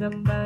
remember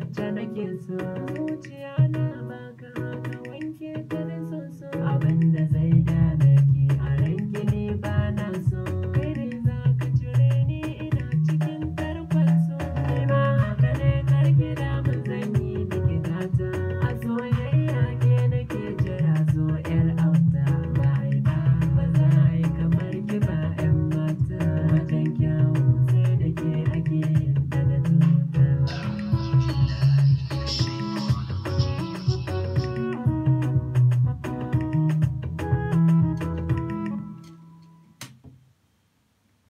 wacce nake so zuciya na